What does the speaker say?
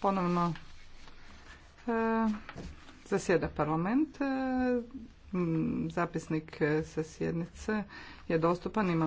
ponovno e, zasjeda parlament. E, zapisnik e, sa sjednice je dostupan. Ima